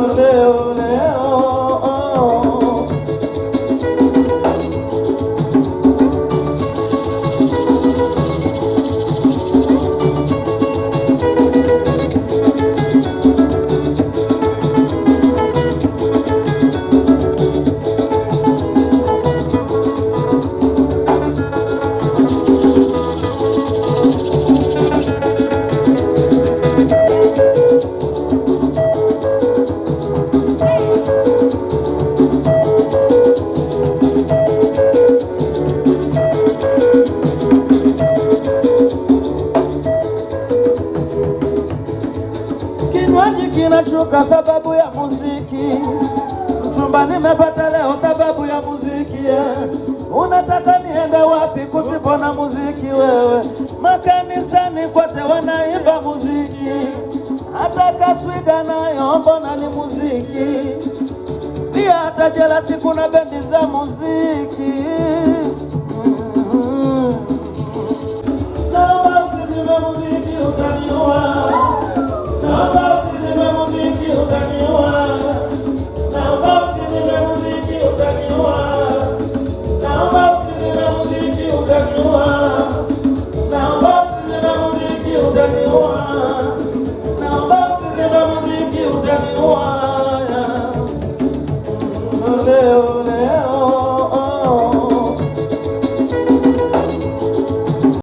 তুলেও Kinywaji kinachuka sababu ya muziki, mchumba nimepata leo sababu ya muziki Unataka niende wapi kusipo na muziki wewe? Makanisani kwote wanaimba muziki, hata kaswida nayo mbona ni muziki, pia hata jela siku na bendi za muziki Deus.